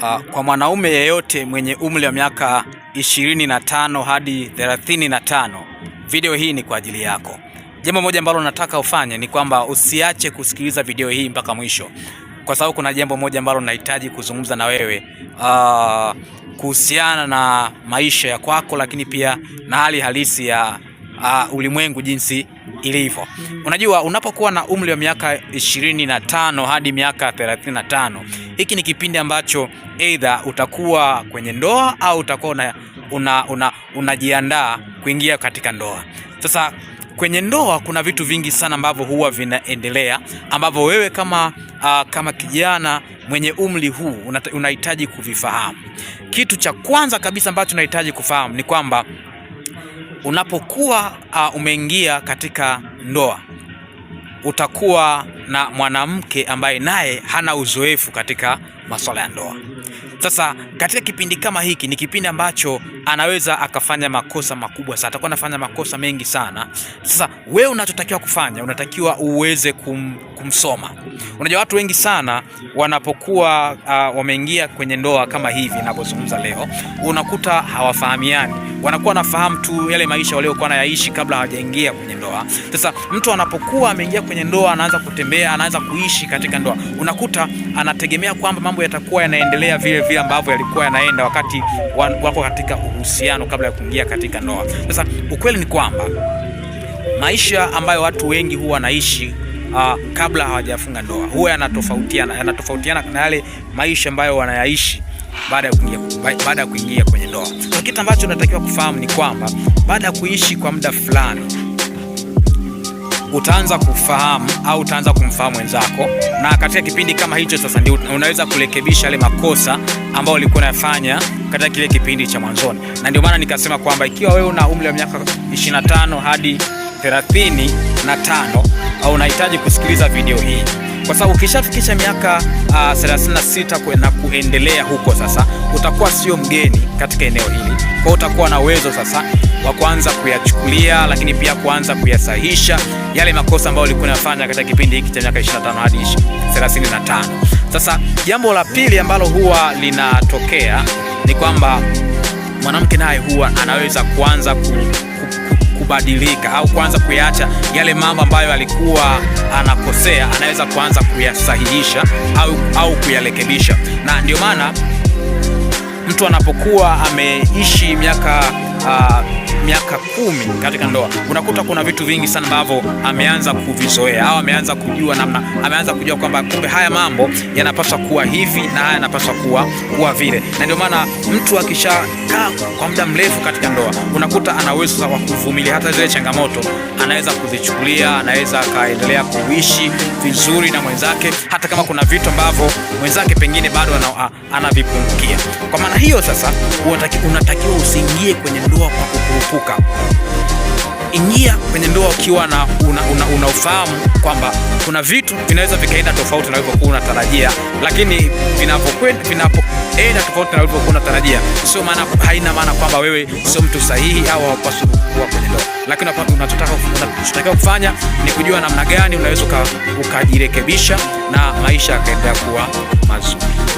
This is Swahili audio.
uh, kwa mwanaume yeyote mwenye umri wa miaka 25 hadi 35, video hii ni kwa ajili yako. Jambo moja ambalo nataka ufanye ni kwamba usiache kusikiliza video hii mpaka mwisho, kwa sababu kuna jambo moja ambalo nahitaji kuzungumza na wewe uh, kuhusiana na maisha ya kwako, lakini pia na hali halisi ya uh, ulimwengu jinsi ilivyo. Unajua, unapokuwa na umri wa miaka 25 hadi miaka 35, hiki ni kipindi ambacho aidha utakuwa kwenye ndoa au utakuwa una, una, una, unajiandaa kuingia katika ndoa. Sasa kwenye ndoa kuna vitu vingi sana ambavyo huwa vinaendelea ambavyo wewe kama, uh, kama kijana mwenye umri huu unahitaji kuvifahamu. Kitu cha kwanza kabisa ambacho unahitaji kufahamu ni kwamba unapokuwa uh, umeingia katika ndoa utakuwa na mwanamke ambaye naye hana uzoefu katika masuala ya ndoa. Sasa katika kipindi kama hiki ni kipindi ambacho anaweza akafanya makosa makubwa sana, atakuwa anafanya makosa mengi sana. Sasa wewe unachotakiwa kufanya, unatakiwa uweze kum kumsoma. Unajua watu wengi sana wanapokuwa uh, wameingia kwenye ndoa kama hivi ninavyozungumza leo, unakuta hawafahamiani, wanakuwa wanafahamu tu yale maisha waliokuwa nayaishi kabla hawajaingia kwenye ndoa. Sasa mtu anapokuwa ameingia kwenye ndoa, anaanza kutembea, anaanza kuishi katika ndoa, unakuta anategemea kwamba mambo yatakuwa yanaendelea vile vile ambavyo yalikuwa yanaenda wakati wako katika uhusiano kabla ya kuingia katika ndoa. Sasa ukweli ni kwamba maisha ambayo watu wengi huwa wanaishi uh, kabla hawajafunga ndoa. Huwa yanatofautiana, yanatofautiana na yale maisha ambayo wanayaishi baada ya kuingia baada ya kuingia kwenye ndoa. Kwa kitu ambacho unatakiwa kufahamu ni kwamba baada ya kuishi kwa muda fulani utaanza kufahamu au utaanza kumfahamu wenzako, na katika kipindi kama hicho sasa ndio unaweza kurekebisha yale makosa ambayo ulikuwa unayafanya katika kile kipindi cha mwanzoni. Na ndio maana nikasema kwamba ikiwa wewe una umri wa miaka 25 hadi 35 au ah, unahitaji kusikiliza video hii kwa sababu ukishafikisha miaka uh, ah, 36 na kuendelea huko sasa, utakuwa sio mgeni katika eneo hili, kwa utakuwa na uwezo sasa wa kuanza kuyachukulia, lakini pia kuanza kuyasahisha yale makosa ambayo ulikuwa unafanya katika kipindi hiki cha miaka 25 hadi 35. Sasa jambo la pili ambalo huwa linatokea ni kwamba mwanamke naye huwa anaweza kuanza ku kubadilika au kuanza kuyacha yale mambo ambayo alikuwa anakosea, anaweza kuanza kuyasahihisha au, au kuyarekebisha. Na ndio maana mtu anapokuwa ameishi miaka uh, miaka kumi katika ndoa, unakuta kuna vitu vingi sana ambavyo ameanza kuvizoea au ameanza kujua namna, ameanza kujua kwamba kumbe haya mambo yanapaswa kuwa hivi na haya yanapaswa kuwa kuwa vile. Na ndio maana mtu akishakaa kwa muda mrefu katika ndoa, unakuta ana uwezo wa kuvumilia hata zile changamoto, anaweza kuzichukulia, anaweza akaendelea kuishi vizuri na mwenzake, hata kama kuna vitu ambavyo mwenzake pengine bado anavipungukia. Kwa maana hiyo sasa, unatakiwa usiingie kwenye ndoa kwa kukurupuka. Ingia kwenye ndoa ukiwa na una, una, una ufahamu kwamba kuna vitu vinaweza vikaenda tofauti na ulivyokuwa unatarajia, lakini vinapokwenda vinapoenda tofauti na ulivyokuwa unatarajia, sio maana, haina maana kwamba wewe sio mtu sahihi au hawapaswi kuwa kwenye ndoa, lakini unachotaka unachotakiwa kufanya ni kujua namna gani unaweza ukajirekebisha na maisha yakaendelea kuwa mazuri.